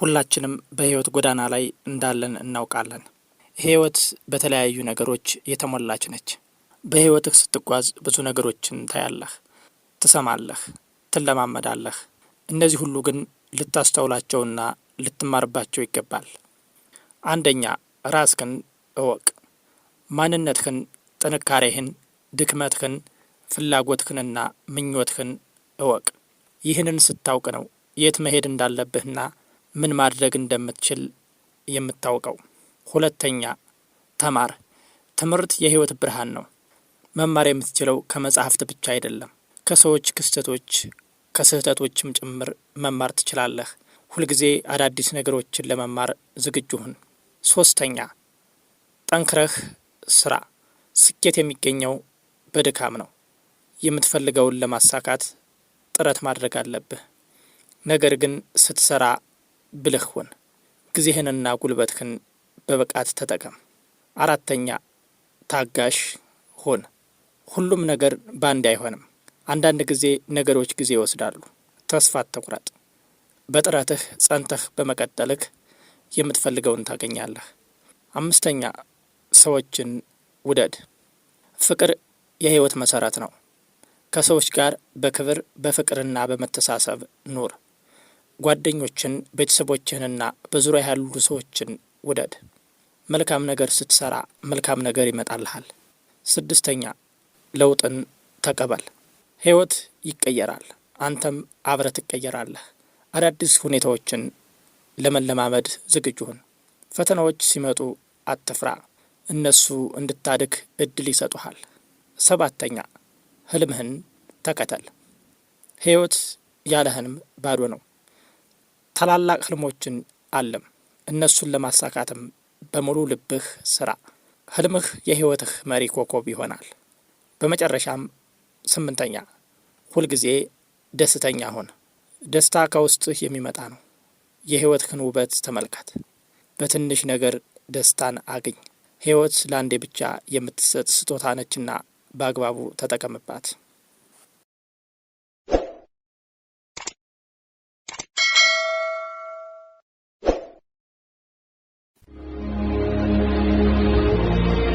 ሁላችንም በህይወት ጎዳና ላይ እንዳለን እናውቃለን። ህይወት በተለያዩ ነገሮች የተሞላች ነች። በህይወትህ ስትጓዝ ብዙ ነገሮችን ታያለህ፣ ትሰማለህ፣ ትለማመዳለህ። እነዚህ ሁሉ ግን ልታስተውላቸውና ልትማርባቸው ይገባል። አንደኛ ራስህን እወቅ። ማንነትህን፣ ጥንካሬህን፣ ድክመትህን፣ ፍላጎትህንና ምኞትህን እወቅ። ይህንን ስታውቅ ነው የት መሄድ እንዳለብህና ምን ማድረግ እንደምትችል የምታውቀው። ሁለተኛ ተማር። ትምህርት የህይወት ብርሃን ነው። መማር የምትችለው ከመጽሐፍት ብቻ አይደለም፣ ከሰዎች ክስተቶች፣ ከስህተቶችም ጭምር መማር ትችላለህ። ሁልጊዜ አዳዲስ ነገሮችን ለመማር ዝግጁ ሁን። ሶስተኛ ጠንክረህ ስራ። ስኬት የሚገኘው በድካም ነው። የምትፈልገውን ለማሳካት ጥረት ማድረግ አለብህ። ነገር ግን ስትሰራ ብልህ ሁን። ጊዜህንና ጉልበትህን በብቃት ተጠቀም። አራተኛ ታጋሽ ሁን። ሁሉም ነገር በአንድ አይሆንም። አንዳንድ ጊዜ ነገሮች ጊዜ ይወስዳሉ። ተስፋ አትቁረጥ። በጥረትህ ጸንተህ በመቀጠልህ የምትፈልገውን ታገኛለህ። አምስተኛ ሰዎችን ውደድ። ፍቅር የህይወት መሰረት ነው። ከሰዎች ጋር በክብር በፍቅርና በመተሳሰብ ኑር። ጓደኞችን፣ ቤተሰቦችህንና በዙሪያ ያሉ ሰዎችን ውደድ። መልካም ነገር ስትሰራ መልካም ነገር ይመጣልሃል። ስድስተኛ ለውጥን ተቀበል። ህይወት ይቀየራል፣ አንተም አብረት ትቀየራለህ። አዳዲስ ሁኔታዎችን ለመለማመድ ዝግጁ ሁን። ፈተናዎች ሲመጡ አትፍራ፣ እነሱ እንድታድግ እድል ይሰጡሃል። ሰባተኛ ህልምህን ተከተል። ህይወት ያለ ህልም ባዶ ነው። ታላላቅ ህልሞችን አለም። እነሱን ለማሳካትም በሙሉ ልብህ ስራ። ህልምህ የህይወትህ መሪ ኮከብ ይሆናል። በመጨረሻም ስምንተኛ ሁልጊዜ ደስተኛ ሁን። ደስታ ከውስጥህ የሚመጣ ነው። የህይወትህን ውበት ተመልከት። በትንሽ ነገር ደስታን አግኝ። ህይወት ለአንዴ ብቻ የምትሰጥ ስጦታ ነችና በአግባቡ ተጠቀምባት።